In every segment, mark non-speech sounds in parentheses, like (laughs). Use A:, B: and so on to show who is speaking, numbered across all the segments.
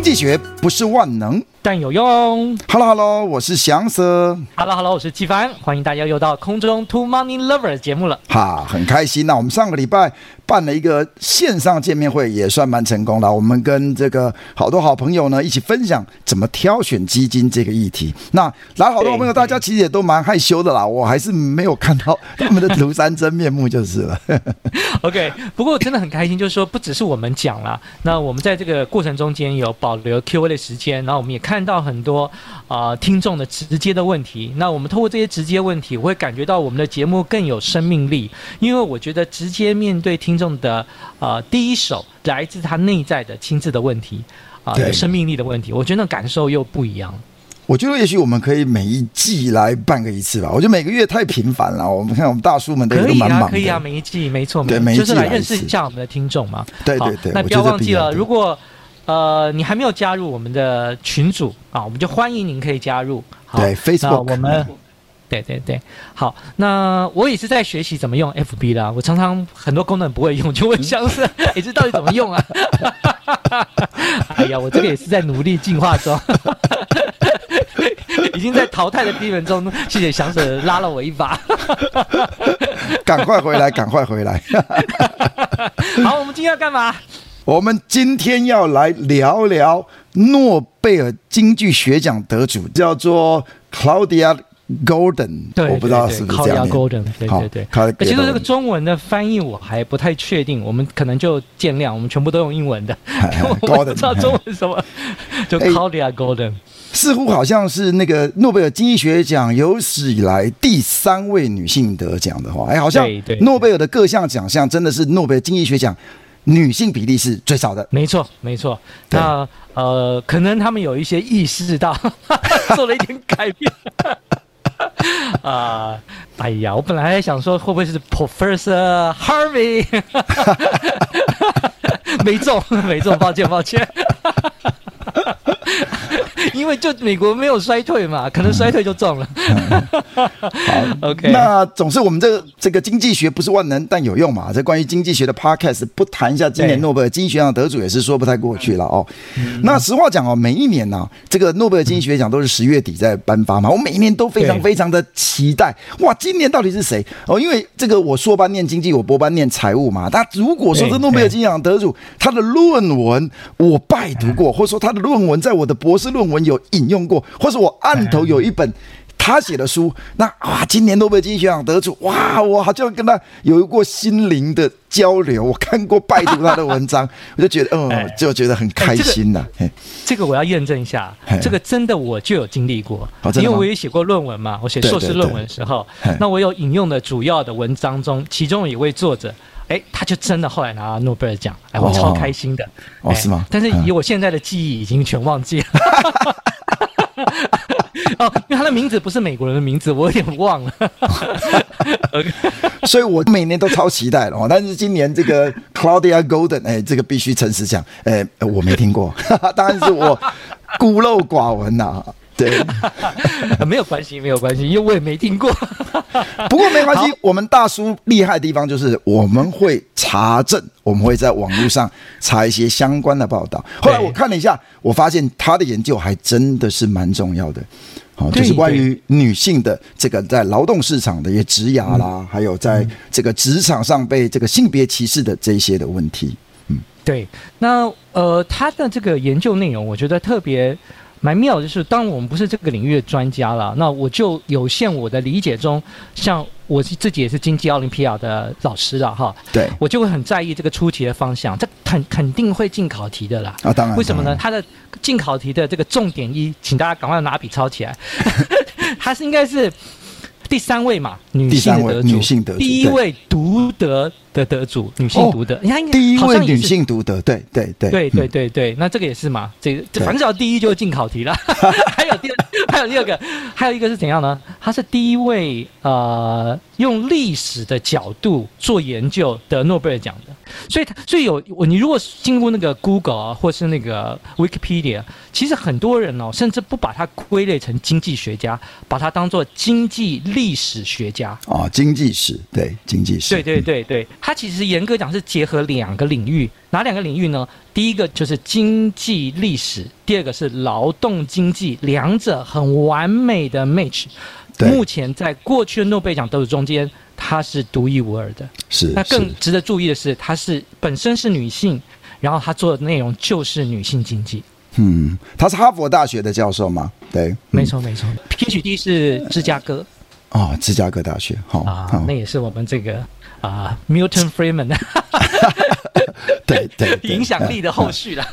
A: 經濟學不是萬能，但有用。Hello，Hello，hello, 我是祥子。Hello，Hello，hello,
B: 我是紀凡。歡迎大家又到《空中 Two Money Lovers》節目了。
A: 哈，很開心啊。那我們上個禮拜辦了一個線上見面會，也算蠻成功的。我們跟這個好多好朋友呢一起分享怎麼挑選基金這個議題。那來，好多好朋友對大家其實也都蠻害羞的啦，對我還是沒有看到他們的廬山真面目，就是了。
B: (laughs) OK，不過真的很開心，就是說不只是我們講了，那我們在這個過程中間有保。保留 Q&A 的時間，然後我們也看到很多啊、呃、聽眾的直接的問題。那我們透過這些直接問題，我會感覺到我們的節目更有生命力，因為我覺得直接面對聽眾的啊、呃、第一手來自他內在的親自的問題啊、呃、對有生命力的問題，我覺得那感受又不一樣。
A: 我覺得也許我們可以每一季來辦個一次吧。我覺得每個月太頻繁了。我們看我們大叔們可以都蠻忙的可以、啊、可
B: 以啊，每一季沒錯，沒錯，就是來認識一下我們的聽眾嘛。對對對，好，那不要忘記了，如果。呃，你還沒有加入我們的群組啊？我們就歡迎您可以加入。好對，Facebook，我們，嗯、對對對，好，那我也是在學習怎麼用 FB 啦、啊。我常常很多功能不會用，就問翔子，也、欸、是到底怎麼用啊？ (laughs) 哎呀，我這個
A: 也是在努力進化中， (laughs) 已經在
B: 淘汰的邊緣中。謝謝翔子拉了我一把
A: (laughs) 趕快回來，趕快回來。
B: (laughs) 好，我們今天要幹嘛？
A: 我們今天要來聊聊諾貝爾經濟學獎得主，叫做 Claudia Goldin。我不知道是不是這樣。Claudia Goldin，對對對。好其實這
B: 個中文的翻譯我還不太確定，我們可能就見諒，我們全部都用英文的。我不知道中文是什麼，就 Claudia、哎、Goldin。
A: 似乎好像是那個諾貝爾經濟學獎有史以來第三位女性得獎的話，哎，好像諾貝爾的各項獎項真的是諾貝爾經濟學獎。女性比例是最少的沒，沒錯沒錯。那對呃，可能他們有一些意識到，呵呵做了一點改變。啊
B: (laughs) (laughs) 呃，哎呀，我本來還想說會不會是 Professor Harvey？ (laughs) (laughs) (laughs) 沒中沒中，抱歉抱歉。 (laughs) 因為就美國沒有衰退嘛，可能衰退就中了。嗯嗯、
A: 好，OK。 (laughs) 那總是我們這個這個經濟學不是萬能，但有用嘛。這關於經濟學的 Podcast 不談一下今年諾貝爾經濟學獎得主也是說不太過去了哦。嗯、那實話講哦，每一年呢、啊，這個諾貝爾經濟學獎都是十月底在頒發嘛。我每一年都非常非常的期待哇，今年到底是誰哦？因為這個我碩班念經濟，我博班念財務嘛。那如果說這諾貝爾經濟學獎得主他的論文我拜讀過，或者說他的論文在我的博士論。文有引用過，或是我案頭有一本他寫的書，那哇、啊，今年諾貝爾經濟學獎得主，哇，我好像跟他有過心靈的交流，我看過拜讀他的文章， (laughs) 我就覺得，嗯、哦，就覺得很開心了、
B: 啊，哎，這個。這個我要驗證一下，哎啊、這個真的我就有經歷過，哦、因為我也寫過論文嘛，我寫碩士論文的時候，對對對哎、那我有引用的主要的文章中，其中一位作者。哎、欸，他就真的後來拿諾貝爾獎，哎、哦哦，我超開心的。哦，欸、哦，是嗎？但是以我現在的記憶，已經全忘記了。嗯、 (laughs) (laughs) 哦，因為他的名字不是美國人的名字，我有點忘
A: 了。所以，我每年都超期待了。但是今年這個 Claudia Goldin，哎、欸，這個必須誠實講、欸，我沒聽過，當然是我孤陋寡聞吶、啊。
B: 對， (laughs) 沒有關係，沒有關係，因為我也沒聽過。 (laughs) 不過沒關係，
A: 好我們大叔厲害的地方就是我們會查證，我們會在網絡上查一些相關的報道。後來我看了一下，對我發現他的研究還真的是蠻重要的，好、哦，就是關於女，對對，女性的這個在勞動市場的一些職涯啦，嗯、還有在這個職場上被這個性別歧視的這些的問題。嗯，
B: 對，那呃，他的這個研究內容，我覺得特別。蠻妙，就是當我們不是這個領域的專家啦，那我就有限我的理解中，像我是自己也是經濟奧林匹亞的老師了哈，對我就會很在意這個出題的方向，這肯肯定會進考題的啦。啊，當然，為什麼呢？然它的進考題的這個重點一，請大家趕快拿筆抄起來，它 (laughs) (laughs) 是應該是第三位嘛，女性得主女性得主第一位獨得。對嗯的得主，
A: 女性讀的，哦、你看第一位女性讀的，對對對，對
B: 對對對、嗯、對，那這個也是嘛？這個反正要第一就進考題了。對 (laughs) 還有第二，還有第二個，還有一個是怎樣呢？他是第一位呃，用歷史的角度做研究得諾貝爾獎的，所以他所以有你如果進入那個 Google、啊、或是那個 Wikipedia，其實很多人哦，甚至不把它歸類成經濟學家，把它當做經濟歷史
A: 學家啊，經濟史對經濟史，對
B: 對對、嗯、對。對對對它其實嚴格講是結合兩個領域，哪兩個領域呢？第一個就是經濟歷史，第二個是勞動經濟，兩者很完美的 match。對。目前在過去的諾貝爾獎得主中間，它是獨一無二的。是。那更值得注意的是，她是，是本身是女性，然後她做的內容就是女性經濟。
A: 嗯，她是哈佛大學的教授嗎？對，
B: 沒、嗯、錯沒錯。PhD 是芝加哥 (laughs) 、
A: 哦。芝加哥大學。好。啊、好
B: 那也是我們這個。啊，Milton Freeman 對
A: 對，對，影響力的後續了。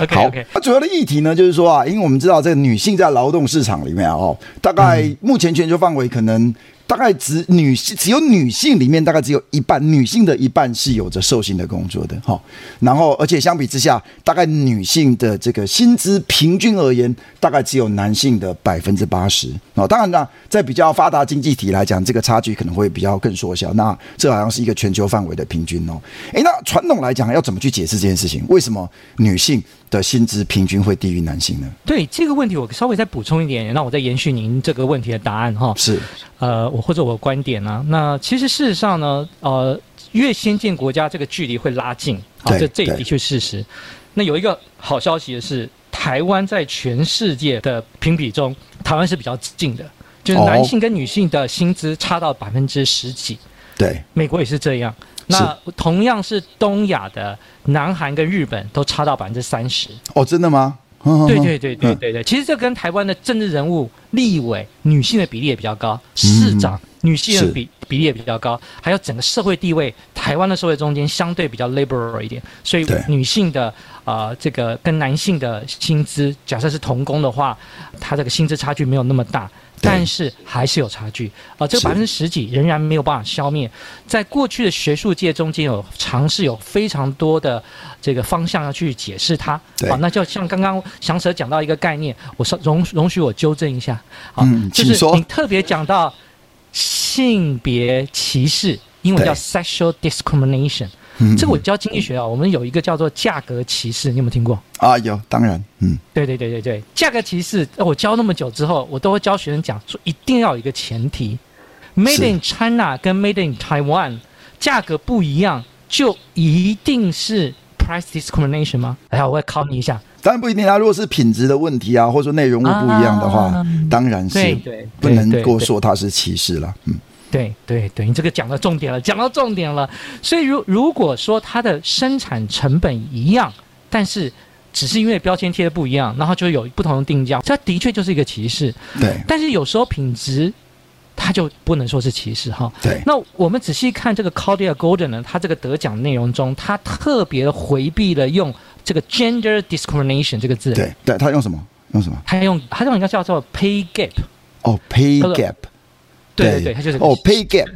A: OK OK，它主要的議題呢，就是說啊，因為我們知道這個女性在勞動市場裡面啊、哦，大概目前全球範圍可能、嗯。嗯大概只女性只有女性裡面大概只有一半女性的一半是有着受薪的工作的哈、哦，然後而且相比之下，大概女性的這個薪資平均而言，大概只有男性的百分之八十哦，當然呢，在比較發達經濟體來講，這個差距可能會比較更縮小。那這好像是一個全球範圍的平均哦。誒，那傳統來講要怎麼去解釋這件事情？為什麼女性？的薪資平均會低於男性呢？
B: 對這個問題，我稍微再補充一點，那我再延續您這個問題的答案哈。是，呃，我或者我的觀點呢、啊？那其實事實上呢，呃，越先進國家這個距離會拉近，啊，這對這的確是事實。對那有一個好消息的是，台灣在全世界的評比中，台灣是比較近的，就是男性跟女性的薪資差到百分之十幾。對，美國也是這樣。那同樣是東亞的南韓跟日本都差到百分之三十。
A: 哦，真的嗎？對對對對對
B: 對，呵其實這跟台灣的政治人物、立委女性的比例也比較高，市長、嗯、女性的比是比例也比較高，還有整個社會地位，台灣的社會中間相對比較 liberal 一點，所以女性的啊對、呃、這個跟男性的薪資，假設是同工的話，他這個薪資差距沒有那麼大。對但是還是有差距啊，呃，這個百分之十幾仍然沒有辦法消滅。是在過去的學術界中間有，有嘗試，有非常多的這個方向要去解釋它。對，好，啊,那就像剛剛翔 Sir 講到一個概念，我容容容許我糾正一下。
A: 好，就，嗯、說，就是你
B: 特別講到性別歧視，英文叫 sexual discrimination。嗯嗯這個我教經濟學啊，我們有一個叫做價格歧視，你有沒有聽過？
A: 啊，有，當然，嗯，
B: 對對對對對，價格歧視，我教那麼久之後，我都會教學生講說，一定要有一個前提是，made in China 跟 made in Taiwan 價格不一樣，就一定是 price discrimination 嗎？等下，我會考你一下，當
A: 然不一定，啊，如果是品質的問題啊，或者說內容不,不一樣的話，啊、當然是不能夠說它是歧視了，嗯。
B: 對對對，你這個講到重點了，講到重點了。所以如如果說它的生產成本一樣，但是只是因為標籤貼的不一樣，然後就有不同的定價，它的確就是一個歧視。對，但是有時候品質它就不能說是歧視哈、哦。對，那我們仔細看這個 Claudia Goldin 呢，他這個得獎內容中，他特別回避了用這個 gender discrimination 這
A: 個字。對，對他用什麼？用什麼？他用他用一個叫做 pay gap 哦。哦，pay gap。就是對對對，他就是哦，oh，pay gap。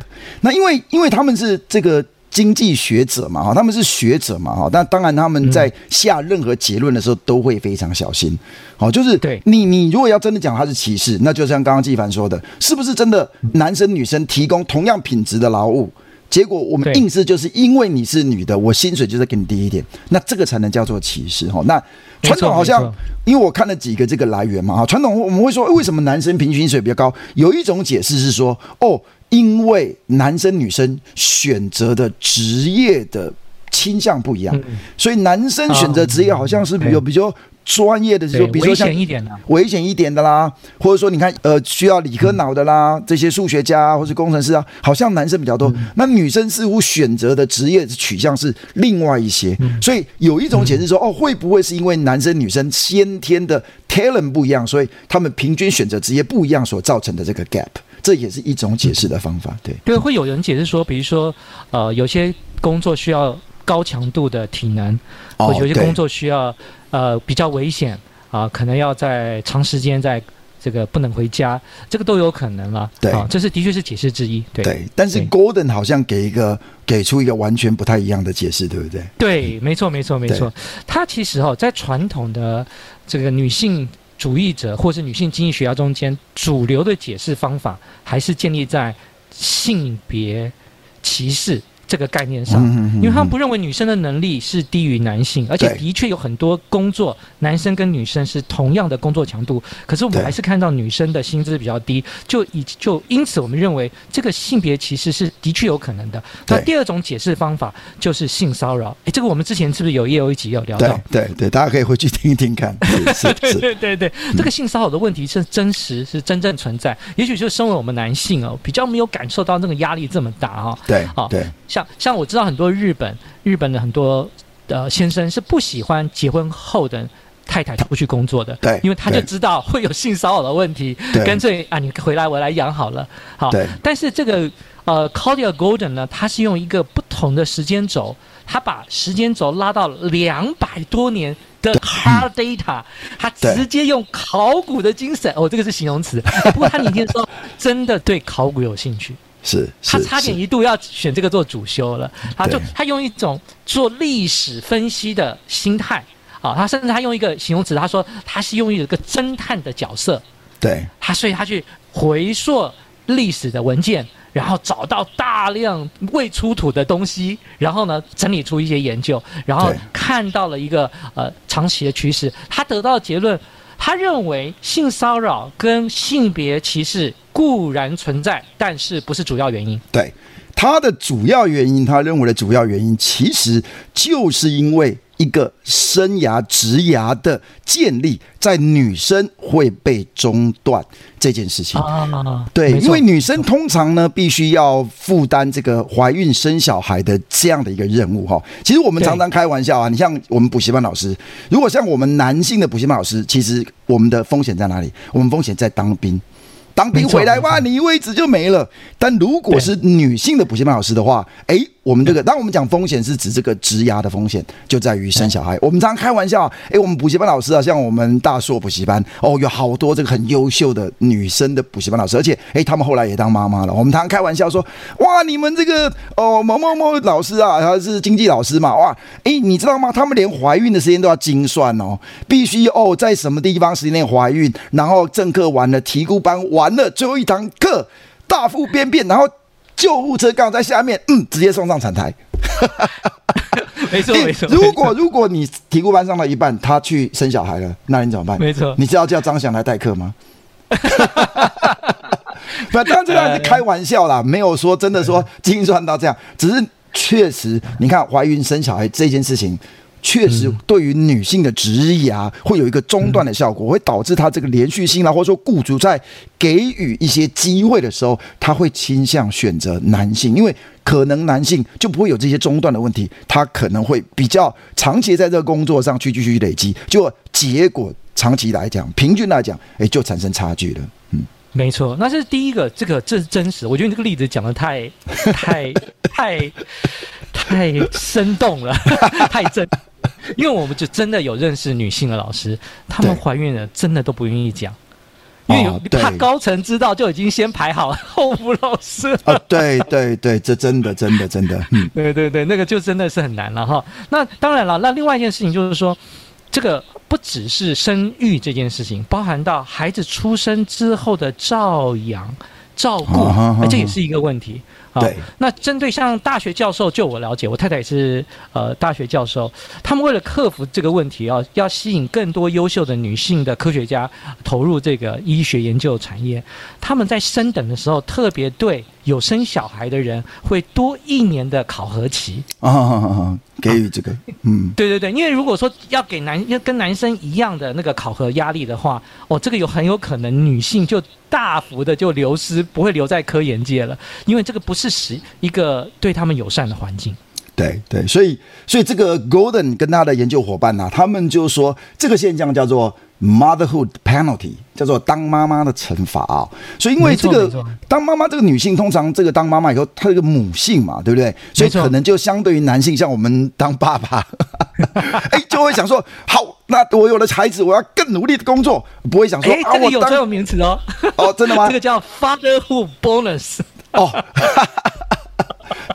A: 那因為因為他們是這個經濟學者嘛，哈，他們是學者嘛，哈，但當然他們在下任何結論的時候都會非常小心，哦，就是對，你你如果要真的講他是歧視，那就像剛剛紀凡說的，是不是真的男生女生提供同樣品質的勞務？結果我們硬是就是因為你是女的，對我薪水就是給你低一點，那這個才能叫做歧視哈。那傳統好像，因為我看了幾個這個來源嘛啊，傳統我們會說誒，為什麼男生平均薪水比較高？有一種解釋是說哦，因為男生女生選擇的職業的。傾向不一樣，所以男生選擇職業好像是有比較專業的，就、嗯、比如說危險一點的，危險一點的啦，對或者說你看呃需要理科腦的啦，嗯、這些數學家或是工程師啊，好像男生比較多。嗯、那女生似乎選擇的職業取向是另外一些，嗯、所以有一種解釋說、嗯、哦，會不會是因為男生女生先天的 talent 不一樣，所以他們平均選擇職業不一樣所造成的這個 gap？這也是一種解釋的方法，對。
B: 對，會有人解釋說，比如說呃有些工作需要，高強度的體能，哦、或有些工作需要對呃比較危險啊、呃，可能要在長時間在這個不能回家，這個都有可能了。對、呃，這是的確是解釋之一。
A: 對，對但是 Goldin 好像給一個對給出一個完全不太一樣的解釋，對不對？
B: 對，沒錯，沒錯，對沒錯。他其實哈、哦，在傳統的這個女性主義者或者女性經濟學家中間，主流的解釋方法還是建立在性別歧視。這個概念上，因為他們不認為女生的能力是低於男性，而且的確有很多工作，男生跟女生是同樣的工作強度，可是我們還是看到女生的薪資比較低，就以就因此，我們認為這個性別歧視是的確有可能的。那對第二種解釋方法就是性騷擾，哎，這個我們之前是不是有也有一集有聊到？
A: 對對，對大家可以回去聽一聽看。
B: (laughs) 對對對對，這個性騷擾的問題是真實是真正存在，嗯、也許就身為我們男性哦，比較沒有感受到那個壓力這麼大哈。對啊，對像。像我知道很多日本日本的很多呃先生是不喜歡結婚後的太太出去工作的，對，對，因為他就知道會有性騷擾的問題，對，乾脆啊你回來我來養好了，好，對但是這個呃 Claudia Goldin 呢，它是用一個不同的時間軸，他把時間軸拉到兩百多年的 Hard Data，他對直接用考古的精神，哦，這個是形容詞，不過他明天說真的對考古有興趣。 (laughs) 是，是，是他差點一度要選這個做主修了。他就他用一種做歷史分析的心態，啊，他甚至他用一個形容詞，他說他是用一個偵探的角色。對，他所以他去回溯歷史的文件，然後找到大量未出土的東西，然後呢，整理出一些研究，然後看到了一個呃長期的趨勢。他得到的結論，他認為性騷擾跟性別歧視。固然存在，但是不是主要原因。
A: 對，他的主要原因，他認為的主要原因，其實就是因為一個生涯職涯的建立，在女生會被中斷這件事情。
B: 啊，啊啊啊對，錯因為
A: 女生通常呢，必須要負擔這個懷孕生小孩的這樣的一個任務哈、哦。其實我們常常開玩笑啊，對你像我們補習班老師，如果像我們男性的補習班老師，其實我們的風險在哪裡？我們風險在當兵。當兵回來，沒錯哇，你位置就沒了。沒錯但如果是女性的補習班老師的話，哎對。欸我們這個，當然我們講風險是指這個職涯的風險，就在於生小孩。嗯、我們常,常開玩笑、啊，誒、欸，我們補習班老師啊，像我們大碩補習班，哦，有好多這個很優秀的女生的補習班老師，而且，誒、欸，他們後來也當媽媽了。我們常,常開玩笑說，哇，你們這個哦，某某某老師啊，他是經濟老師嘛，哇，誒、欸，你知道嗎？他們連懷孕的時間都要精算哦，必須哦，在什麼地方時間內懷孕，然後正課完了，題庫班完了，最後一堂課大腹便便，然後。救護車剛好在下面，嗯，直接送上產台。
B: 沒錯沒錯。
A: 如果錯如果你提顧班上到一半，他去生小孩了，那你怎麼辦？沒錯錯，你是要叫張翔來代課嗎？那 (laughs) (laughs) (laughs) 當,當然這個是開玩笑啦，沒有說真的說精算到這樣，只是確實你看懷孕生小孩這件事情。確實，對於女性的職涯啊，嗯、會有一個中斷的效果，嗯、會導致她這個連續性啦，或者說雇主在給予一些機會的時候，她會傾向選擇男性，因為可能男性就不會有這些中斷的問題，她可能會比較長期在這個工作上去繼續累積，就結果長期來講、平均來講，誒、欸，就產生差距了。
B: 嗯，沒錯，那是第一個，這個這是真實，我覺得這個例子講得太太 (laughs) 太太,太生動了，太真。 (laughs) 因為我們就真的有認識女性的老師，她們懷孕了，真的都不願意講，
A: 對因為怕
B: 高層知道就已經先排
A: 好候補老師了。啊、哦，對對對，這真的真的真的，嗯，
B: 對對對，那個就真的是很難了哈。那當然了，那另外一件事情就是說，這個不只是生育這件事情，包含到孩子出生之後的照養、照顧，這也是一個問題。啊，哦、對那針對像大學教授，就我了解，我太太也是呃大學教授，他們為了克服這個問題啊，要吸引更多優秀的女性的科學家投入這個醫學研究產業，他們在升等的時候特別對。有生小孩的人會多一年的考核期
A: 啊、哦，給予這個，嗯、啊，
B: 對對對，因為如果說要給男要跟男生一樣的那個考核壓力的話，哦，這個有很有可能女性就大幅的就流失，不會留在科研界了，因為這個不是是一個對他們友善的環境。
A: 對對，所以所以這個 Goldin 跟他的研究夥伴呢、啊，他們就說這個現象叫做，Motherhood penalty 叫做當媽媽的懲罰哦，所以因為這個當媽媽這個女性通常這個當媽媽以後，她這個母性嘛，對不對？錯所以可能就相對於男性，像我們當爸爸，哎錯、 (laughs) 欸，就會想說，好，那我有了孩子，我要更努力的工作，不會想說，哎、欸，啊、這個有專有名詞哦，哦，真的嗎？這個叫 Fatherhood bonus 哦。 (laughs)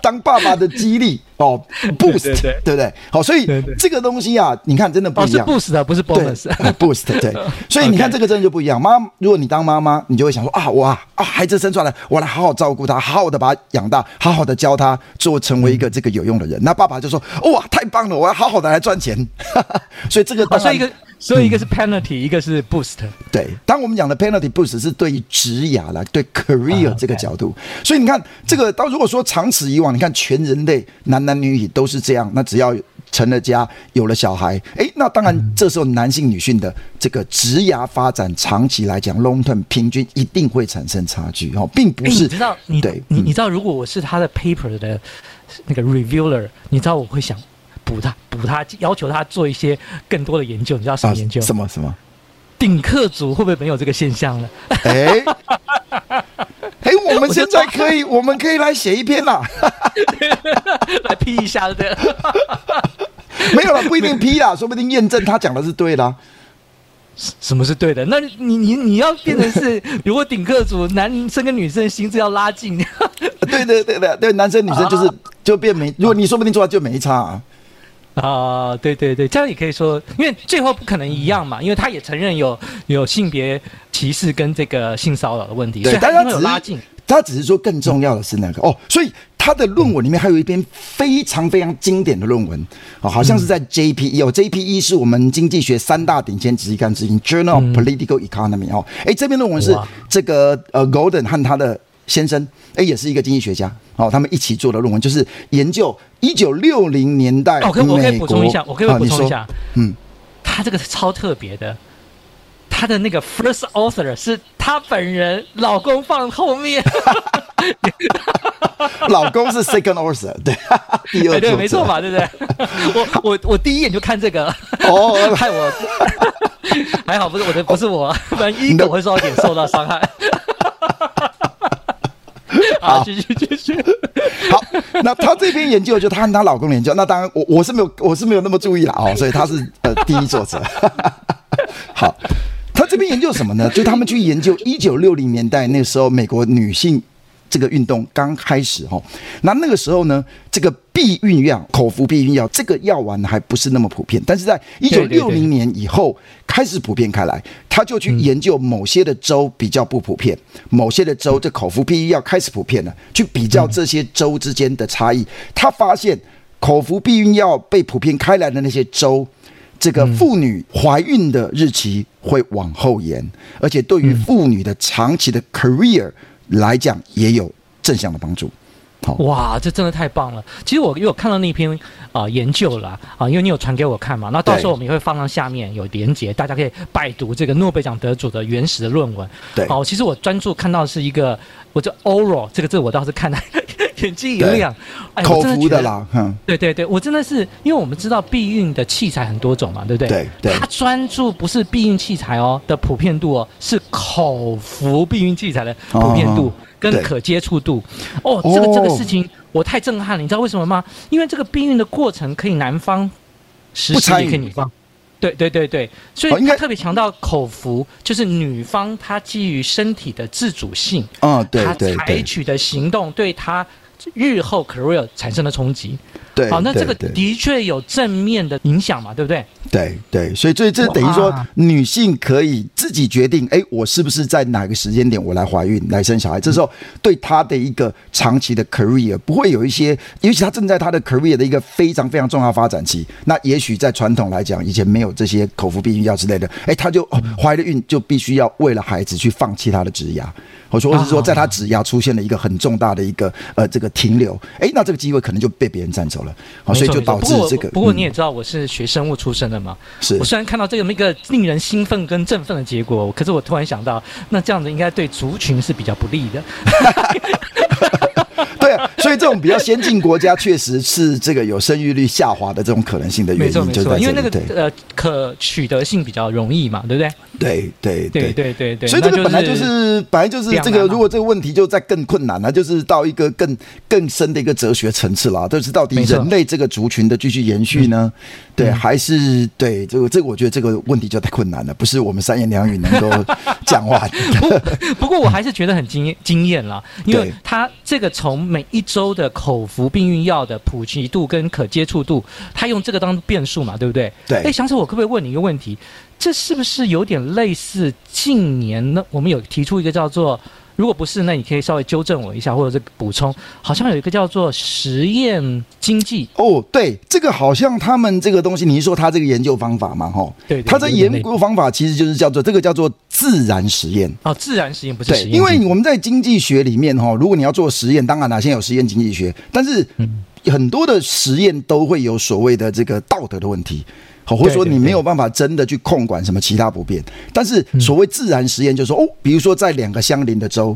A: 當爸爸的激勵 (laughs) 哦，boost，對不對？好，所以這個東西啊，你看真的不一樣。不、哦、是 boost 啊，不是 bonus，boost、啊。呃、boost，對，所以你看這個真的就不一樣。媽，如果你當媽媽，你就會想說啊，哇啊，孩子生出來，我來好好照顧他，好好的把他養大，好好的教他，做成為一個這個有用的人。嗯、那爸爸就說，哇、哦，太棒了，我要好好的來賺錢。 (laughs) 所以這個當然、哦，所以一個，所以一個是
B: penalty，、嗯、一個是 boost。
A: 對，當我們講的 penalty boost 是對於職業來，對 career 這個角度。哦 okay、所以你看這個，當如果說長此。以往你看，全人類男男女女都是這樣。那只要成了家，有了小孩，哎，那當然這時候男性女性的這個職涯發展長期來講，long term 平均一定會產生差距哦，並不是。你知道你，你你知道，
B: 對你知道如果我是他的 paper 的那個 reviewer，、嗯、你知道我會想補他補他，要求他做一些更多的研究。你知道什麼研究？
A: 什麼、啊、什麼？什麼
B: 頂客族會不會沒有這個現象呢？哎誒。 (laughs)
A: 哎、 (laughs) 欸，我們現在可以，我，我們可以來寫一篇啦，來批一下對，沒有了，不一定批啦， (laughs) 說不定驗證他講的是對的，什什麼是對的？那你你你要變成是， (laughs) 如果頂客族男生跟女生的薪資要拉近， (laughs) 對對對對對，男生女生就是就變沒，啊、如果你說不定做啊就沒差
B: 啊，啊對對對，這樣也可以說，因為最後不可能一樣嘛，因為他也承認有有性別。歧視跟這個性騷擾的問題，對，所以大家沒有拉近。
A: 他只、只是說，更重要的是那個、嗯、哦，所以他的論文裡面還有一篇非常非常經典的論文、嗯、哦，好像是在 JPE 哦，JPE 是我們經濟學三大頂尖期刊之一，Journal of Political Economy 哦。誒、欸，這篇論文是這個哇呃 Goldin 和他的先生誒、欸，也是一個經濟學家哦，他們一起做的論文，就是研究一九六零年代哦，我可以補充一下，我可以補充一下，嗯，
B: 他這個是超特別的。她的那個 first author 是她本人，老公放後面，
A: (laughs) 老公是 second author，對，第二作者，欸、對，沒錯嘛，對不對？
B: (laughs) 我我我第一眼就看這個， (laughs) 哦，害我， (laughs) 還好不是我的，不是我，不然一定我會受點受到傷害。
A: (laughs) 好，繼續繼續，去去去好，那她這邊研、研究，就她跟她老公的研究，那當然我我是沒有我是沒有那麼注意了啊，所以她是呃第一作者。 (laughs) (laughs) 研究什麼呢？就他們去研究一九六零年代那個時候美國女性這個運動剛開始哦，那那個時候呢，這個避孕藥口服避孕藥這個藥丸還不是那麼普遍，但是在一九六零年以後，對對對，開始普遍開來，他就去研究某些的州比較不普遍，某些的州這口服避孕藥開始普遍了，去比較這些州之間的差異，他發現口服避孕藥被普遍開來的那些州。這個婦女懷孕的日期會往後延，嗯、而且對於婦女的長期的 career 來講也有正向的幫助。
B: 好、哦，哇，這真的太棒了！其實我我看到那篇啊、呃、研究了啊、呃，因為你有傳給我看嘛，那到時候我們也會放到下面有連結，對大家可以拜讀這個諾貝爾獎得主的原始的論文。對，好、哦，其實我專注看到的是一個，我叫 oral 這個字、這個、我倒是看了。 (laughs) 眼睛一亮， (laughs) 有對哎，口服的啦，對對對，我真的是，因為我們知道避孕的器材很多種嘛，對不對？對對，對他專注不是避孕器材哦的普遍度哦，是口服避孕器材的普遍度、哦、跟可接觸度。對哦，這個這個事情我太震撼了，你知道為什麼嗎？因為這個避孕的過程可以男方
A: 實施，也可以
B: 女方。對對對對，所以他特別強調口服，哦、就是女方她基於身體的自主性，啊、哦，對對，對她採取的行動對她日後 career 產生的衝擊。好對、哦，那這個的確有正面的影響嘛，對不對？
A: 對對，所以這這等於說，女性可以自己決定，哎哇，我是不是在哪個時間點我來懷孕來生小孩？嗯、這時候對她的一個長期的 career 不會有一些，尤其她正在她的 career 的一個非常非常重要發展期。那也許在傳統來講，以前沒有這些口服避孕藥之類的，哎，她就懷了孕就必須要為了孩子去放棄她的職業。或者說是說，在他職涯出現了一個很重大的一個、啊、好好呃，這個停留，哎、欸，那這個機會可能就被別人占走了，好錯、啊，所以就導致這個。不過，嗯、不過你
B: 也知道，我是學生物出身的嘛，是我雖然看到這個那個令人興奮跟振奮的結果，可是我突然想到，那這樣子應該對族群是比較不利的。 (laughs)
A: (laughs) (laughs) 對啊，所以這種比較先進國家確實是這個有生育率下滑的這種可能性的原因，錯就是在這裡，沒錯沒錯，因
B: 為那個對呃可取得性比較容易嘛，
A: 對不對？對對對,對對對對對。所以這個本來就是，本來就是這個。如果這個問題就在更困難了，就是到一個更更深的一個哲學層次了、啊。就是到底人類這個族群的繼續延續呢？嗯、對，還是對就這個這個？我覺得這個問題就太困難了，不是我們三言兩語能夠講完的。不
B: 不過我還是覺得很驚驚豔了，因為他這個從每一周的口服避孕藥的普及度跟可接觸度，他用這個當變數嘛，對不對？對。哎，祥子，我可不可以問你一個問題？這是不是有點類似近年呢？我們有提出一個叫做，如果不是，那你可以稍
A: 微糾正我一下或者是補充。好像有一個叫做實驗經濟。哦，對，這個好像他們這個東西，你是說他這個研究方法嘛？哈，對，他在研究方法其實就是叫做這個叫做自然實驗。
B: 哦，自然實驗不是實驗？對，因為我
A: 們在經濟學裡面哈，如果你要做實驗，當然啦，現在有實驗經濟學，但是很多的實驗都會有所謂的這個道德的問題。或者說你沒有辦法真的去控管什麼其他不變，但是所謂自然實驗就是說，哦，比如說在兩個相鄰的州，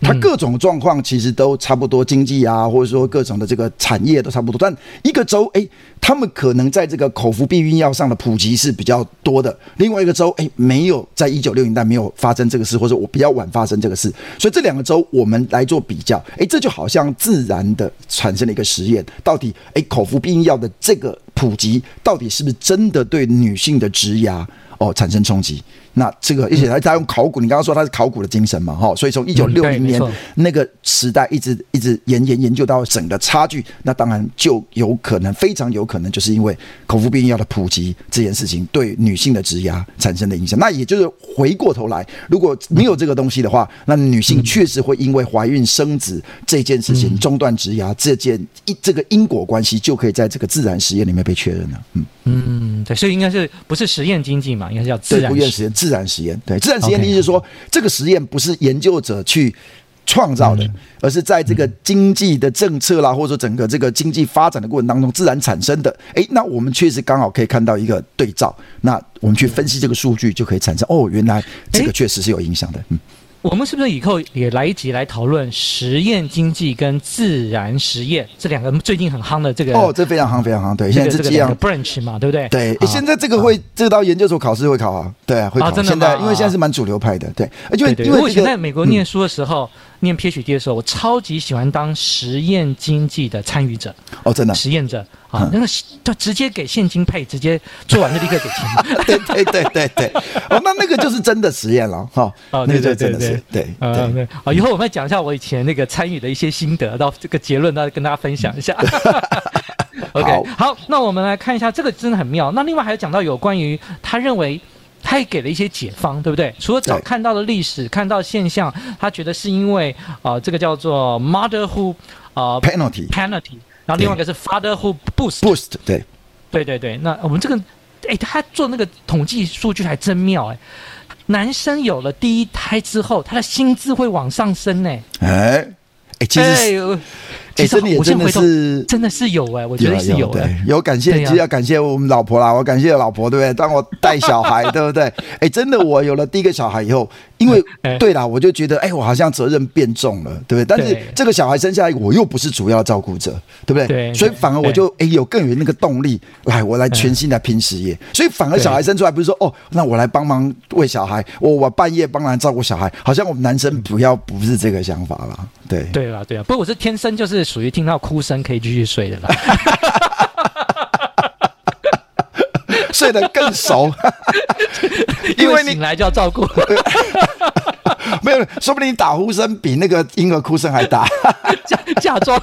A: 它各種狀況其實都差不多，經濟啊或者說各種的這個產業都差不多，但一個州哎，他們可能在這個口服避孕藥上的普及是比較多的，另外一個州哎沒有在一九六零年代沒有發生這個事，或者我比較晚發生這個事，所以這兩個州我們來做比較，哎，這就好像自然的產生了一個實驗，到底哎口服避孕藥的這個。普及到底是不是真的對女性的職涯哦產生衝擊？那這個，而且他他用考古，嗯、你剛剛說他是考古的精神嘛，哈，所以從一九六零年那個時代一直一直研研研究到整個差距，那當然就有可能，非常有可能就是因為口服避孕藥的普及這件事情對女性的職涯產生的影響。那也就是回過頭來，如果沒有這個東西的話，那女性確實會因為懷孕生子這件事情中斷職涯這件一這個因果關係，就可以在這個自然實驗裡面被確認了，嗯。
B: 嗯，對，所以應該是不是實驗經濟嘛？應該是叫自然實
A: 驗，對，自然實驗。對，自然實驗的 Okay, 意思是說，嗯、這個實驗不是研究者去創造的，嗯、而是在這個經濟的政策啦，或者說整個這個經濟發展的過程當中自然產生的。哎，那我們確實剛好可以看到一個對照，那我們去分析這個數據就可以產生哦，原來這個確實是有影響的，嗯。
B: 我們是不是以後也來一集來討論實驗經濟跟自然實驗這兩個最近很夯的這個？哦，
A: 這非常夯，非常夯，對，現在是這樣。這個這
B: 個、兩個 branch 嘛，對不對？
A: 對，啊、現在這個會、啊、這個到研究所考試會考啊，對啊，啊、會考。啊，真的嗎？現在因為現在是蠻主流派的，對，啊、因為對對因為、這個、我以前在美國唸
B: 書的時候。嗯念 P H D 的時候，我超級喜歡當實驗經濟的參與者。哦，真的，實驗者啊，那個就直接給現金配，直接做完了立刻給錢。對對對
A: 對對，哦，那那個就是真的實驗了哈。哦，那個真的是對
B: 對。對啊，以後我們來講一下我以前那個參與的一些心得，到這個結論，那跟大家分享一下。OK，好，那我們來看一下這個真的很妙。那另外還有講到有關於他認為。他也給了一些解方，對不對？除了早看到的歷史、對看到的現象，他覺得是因為啊、呃，這個叫做 motherhood 啊、呃、penalty penalty，然後另外一個是 fatherhood boost 對 boost，對，對對對那我們這個哎，他做那個統計數據還真妙哎，男生有了第一胎之後，他的薪資會往上升呢。哎，
A: 哎，其實。哎呃哎，其實你、欸、真，真的是，
B: 真的是有哎、欸，我覺得是有哎、欸，
A: 有感謝，啊、就要感謝我們老婆啦，我感謝老婆，對不對？當我帶小孩， (laughs) 對不對？哎、欸，真的，我有了第一個小孩以後。因為對啦，我就覺得，哎，我好像責任變重了，對不對？但是這個小孩生下來，我又不是主要的照顧者，對不對？所以反而我就，哎，有更有那個動力，來，我來全心來拼事業。所以反而小孩生出來，不是說，哦，那我來幫忙餵小孩，我我半夜幫忙照顧小孩，好像我們男生不要不是這個想法啦。對。對
B: 啦，對啊，啊，不過我是天生就是屬於聽到哭聲可以繼續睡的啦。 (laughs)
A: 變得更熟，因為你醒來就要照顧。沒有，說不定你打呼聲比那個嬰兒哭聲還大， (laughs) (laughs) (laughs) 假假裝。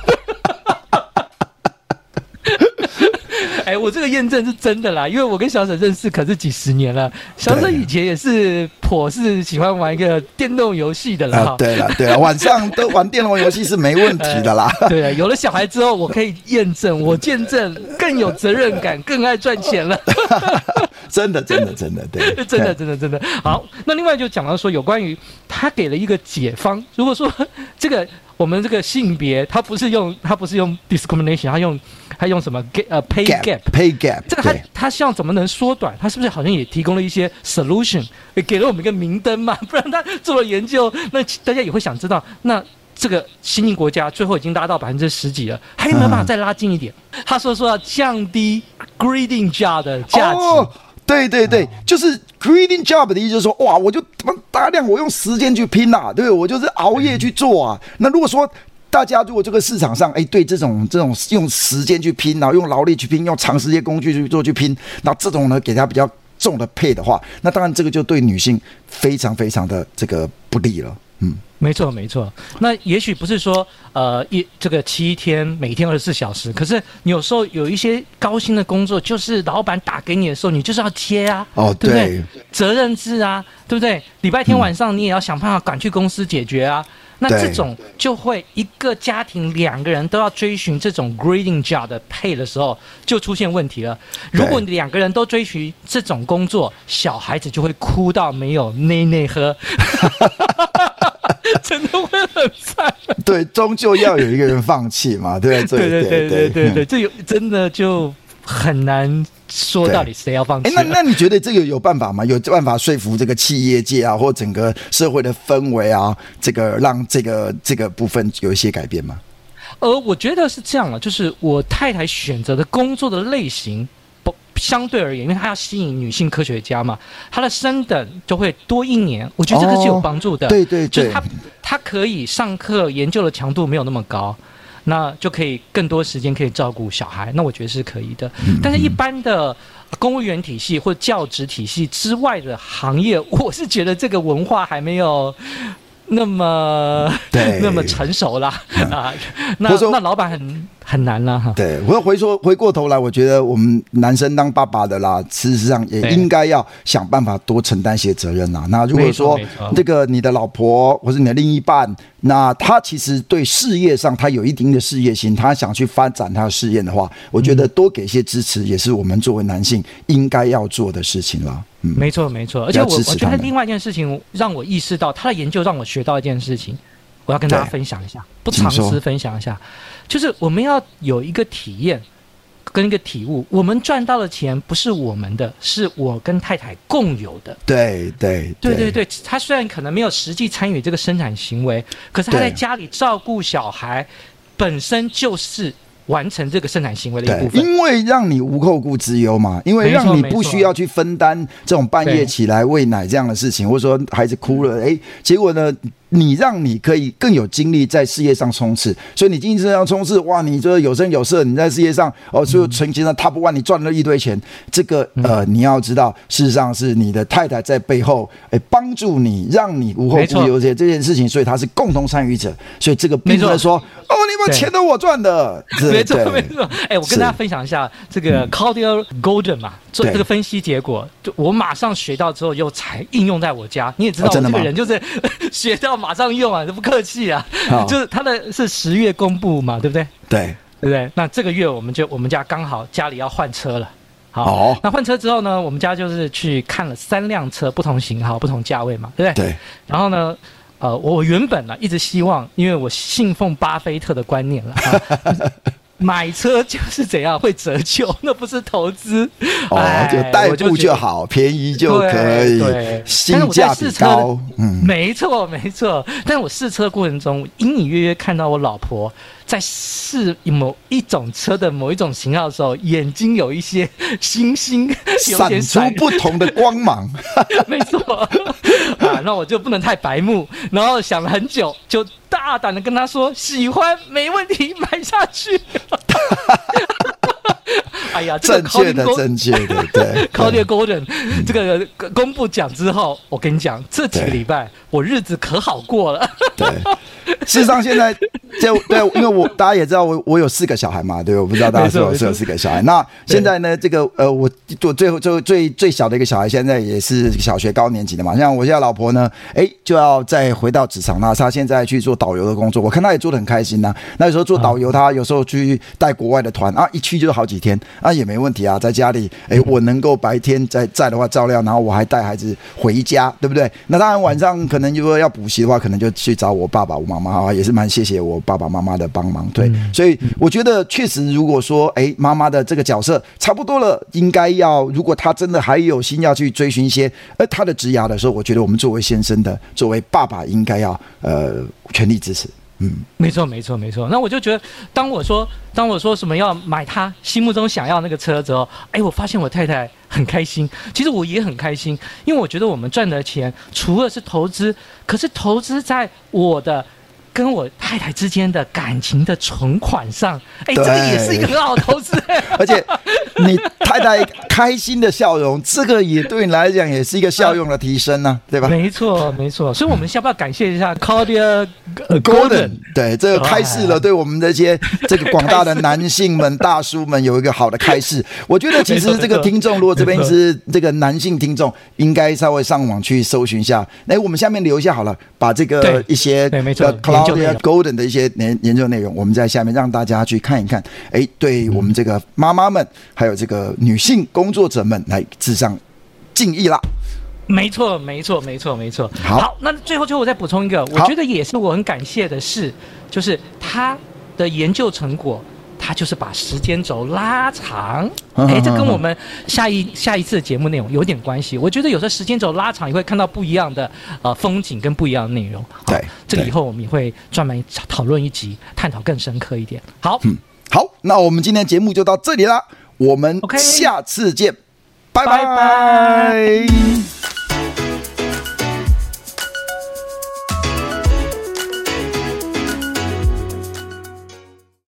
B: 哎，我這個驗證是真的啦，因為我跟小沈認識可是幾十年了。小沈以前也是頗是喜歡玩一個電動遊戲的啦。對了、啊啊，對啊，晚上
A: 都玩電動遊戲是沒問題的啦。
B: 對啊，有了小孩之後，我可以驗證，我見證，更有責任感，啊啊、更愛賺錢了。
A: 啊哦、 (laughs) 真的，真的，真的，對，真的，
B: 真的，真的。好，那另外就講到說，有關於他給了一個解方，如果說這個。我們這個性別，他不是用他不是用 discrimination，他用他用什麼？呃、uh, pay gap，pay gap。Gap，這個他他希望怎麼能縮短？他是不是好像也提供了一些 solution，給了我們一個明燈嘛？不然他做了研究，那大家也會想知道。那這個新興國家最後已經拉到百分之十幾了，還有沒有辦法再拉近一點？他、嗯、說說要降低 greedy job 的價值。
A: Oh! 對對對，就是 greedy job 的意思，就是說，哇，我就他媽大量，我用時間去拼吶、啊，對,對，我就是熬夜去做啊。那如果說大家如果這個市場上，哎，對這種這種用時間去拼然後用勞力去拼，用長時間工具去做去拼，那這種呢，給他比較重的 pay 的話，那當然這個就對女性非常非常的這個不利了。嗯，沒錯沒錯。
B: 那也許不是說，呃，一這個七天每天二十四小時，可是你有時候有一些高薪的工作，就是老板打給你的時候，你就是要接啊，
A: 哦，對不對？對
B: 責任制啊，對不對？禮拜天晚上你也要想辦法趕去公司解決啊。嗯，那這種就會一個家庭兩個人都要追尋這種 greedy job 的 pay 的時候，就出現問題了。對如果你兩個人都追尋這種工作，小孩子就會哭到沒有內內喝。 (laughs)
A: (laughs) 真的會很慘， (laughs) 對，終究要有一個人放棄嘛？對，對，對，對，對， (laughs) (laughs) 對，對，對，對，對，
B: 這有真的就很難
A: 說到底誰要
B: 放棄啊。哎，那那你
A: 覺得這個有辦法嗎？有辦法說服這個企業界啊，或整個社會的氛圍啊，這個讓這個這個部分有一些改變嗎？
B: 呃，我覺得是這樣了，就是我太太選擇的工作的類型。相對而言，因為他要吸引女性科學家嘛，他的升等就會多一年。我覺得這個是有幫助的。哦、對對對，就是他他可以上課，研究的強度沒有那麼高，那就可以更多時間可以照顧小孩。那我覺得是可以的。嗯嗯但是，一般的公務員體系或者教職體系之外的行業，我是覺得這個文化還沒有那麼對 (laughs) 那麼成熟啦、嗯、啊。那說那老闆很。
A: 很難了哈、啊，對，我要回說，回過頭來，我覺得我們男生當爸爸的啦，事實上也應該要想辦法多承擔一些責任吶。對那如果說這個你的老婆或是你的另一半，那他其實對事業上他有一定的事業心，他想去發展他的事業的話，我覺得多給一些支持，也是我們作為男性應該要做的事情啦。嗯，
B: 沒錯，沒錯。而且我我覺得另外一件事情，讓我意識到他的研究讓我學到一件事情，我要跟大家分享一下，對不嘗試分享一下。就是我們要有一個體驗，跟一個體悟。我們賺到的錢不是我們的，是我跟太太共有的。
A: 對對對，對
B: 對對，他雖然可能沒有實際參與這個生產行為，可是他在家裡照顧小孩，對本身就是完成這個生產行為的一部分。因為
A: 讓你無後顧之憂嘛，因為讓你不需要去分擔這種半夜起來餵奶這樣的事情，對或者說孩子哭了，哎，結果呢？你讓你可以更有精力在事業上衝刺，所以你精神上衝刺，哇，你就是有聲有色，你在事業上哦，就成績上他不管你賺了一堆錢。嗯、這個呃，你要知道，事實上是你的太太在背後哎、欸、幫助你，讓你無後顧之憂這件事情，錯所以他是共同參與者。所以這個民眾說：“錯哦，你們錢都我賺的。”沒錯沒錯。
B: 哎，我跟大家分享一下是這個 Claudia Goldin 嘛，嗯、做這個分析結果，就我馬上學到之後又才應用在我家。你也知道，我這個人就是、啊、 (laughs) 學到。馬上用啊，這不客氣啊，好 (laughs) 就是它的是十月公布嘛，對不對？對，對不對？那這個月我們就我們家剛好家裡要換車了，好，哦、那換車之後呢，我們家就是去看了三輛車，不同型號、不同價位嘛，對不對？對。然後呢，呃，我原本呢、啊、一直希望，因為我信奉巴菲特的觀念了。啊 (laughs) 就是買車就是怎樣會折舊，那不是投資。
A: 哦，就代步就好，就便宜就可以，性價比高。嗯，
B: 沒錯沒錯。但是我試車過程中，隱隱約約看到我老婆。在試某一種車的某一種型號的時候，眼睛有一些星星閃出不同的
A: 光芒 (laughs) 沒錯，沒錯，
B: 啊，那我就不能太白目，然後想了很久，就大膽的跟他說，喜歡，沒問題，買下去。 (laughs) (laughs) 哎呀這個、正確的，正確
A: 的，對。
B: Claudia Goldin，這個公布獎之後，我跟你講，這幾個禮拜對我日子可好過了。
A: 對， (laughs) 事實上現在就對，因為我大家也知道，我我有四個小孩嘛，對，我不知道大家是有是錯有四個小孩。錯那對現在呢，這個呃，我我最後最後最最小的一個小孩，現在也是小學高年級的嘛。像我家老婆呢誒，就要再回到職場，那她現在去做導遊的工作，我看她也做的很開心吶、啊。那有時候做導遊，啊、她有時候去帶國外的團啊，一去就好幾天。啊那也沒問題啊，在家裡，哎，我能夠白天在在的話照料，然後我還帶孩子回家，對不對？那當然晚上可能就說要補習的話，可能就去找我爸爸、我媽媽、啊，也是蠻謝謝我爸爸媽媽的幫忙，對。嗯、所以我覺得確實，如果說哎媽媽的這個角色差不多了，應該要如果她真的還有心要去追尋一些誒，而她的職涯的時候，我覺得我們作為先生的，作為爸爸應該要呃全力支持。
B: 嗯沒，沒錯沒錯沒錯。那我就覺得，當我說當我說什麼要買他心目中想要的那個車之後，哎，我發現我太太很開心，其實我也很開心，因為我覺得我們賺的錢除了是投資，可是投資在我的。跟我太太之間的感情的存款上，哎、欸，對 這個也是一個很好的投資，欸。而且
A: 你太太開心的笑容， (laughs) 這個也對你來講也是一個效用的提升呢，啊，對吧？沒錯，沒錯。所以我們要不要感謝一下 Claudia、呃、Goldin？對，這個開示了，對我們這些這個廣大的男性們、 (laughs) 開示 大叔們有一個好的開示。我覺得其實這個聽眾，如果這邊是這個男性聽眾，錯應該稍微上網去搜尋一下。哎，我們下面留一下好了，把這個一些對對，沒錯。對啊 (noise) Goldin 的一些研研究內容，我們在下面讓大家去看一看。誒，對我們這個媽媽們，還有這個女性工作者們，來致上敬意了。
B: 沒錯，沒錯，沒錯，沒錯。好，好，那最後、最後我再補充一個，好我覺得也是我很感謝的是，就是他的研究成果。他就是把時間軸拉長，哎，這跟我們下一 (laughs) 下一次的節目內容有點關係。我覺得有時候時間軸拉長，也會看到不一樣的呃風景跟不一樣的內容。
A: 對，這個以後我們也會專門討論一集，對探討更深刻一點。好，嗯，好，那我們今天的節目就到這裡了，我們下次見，okay, 拜拜。拜拜。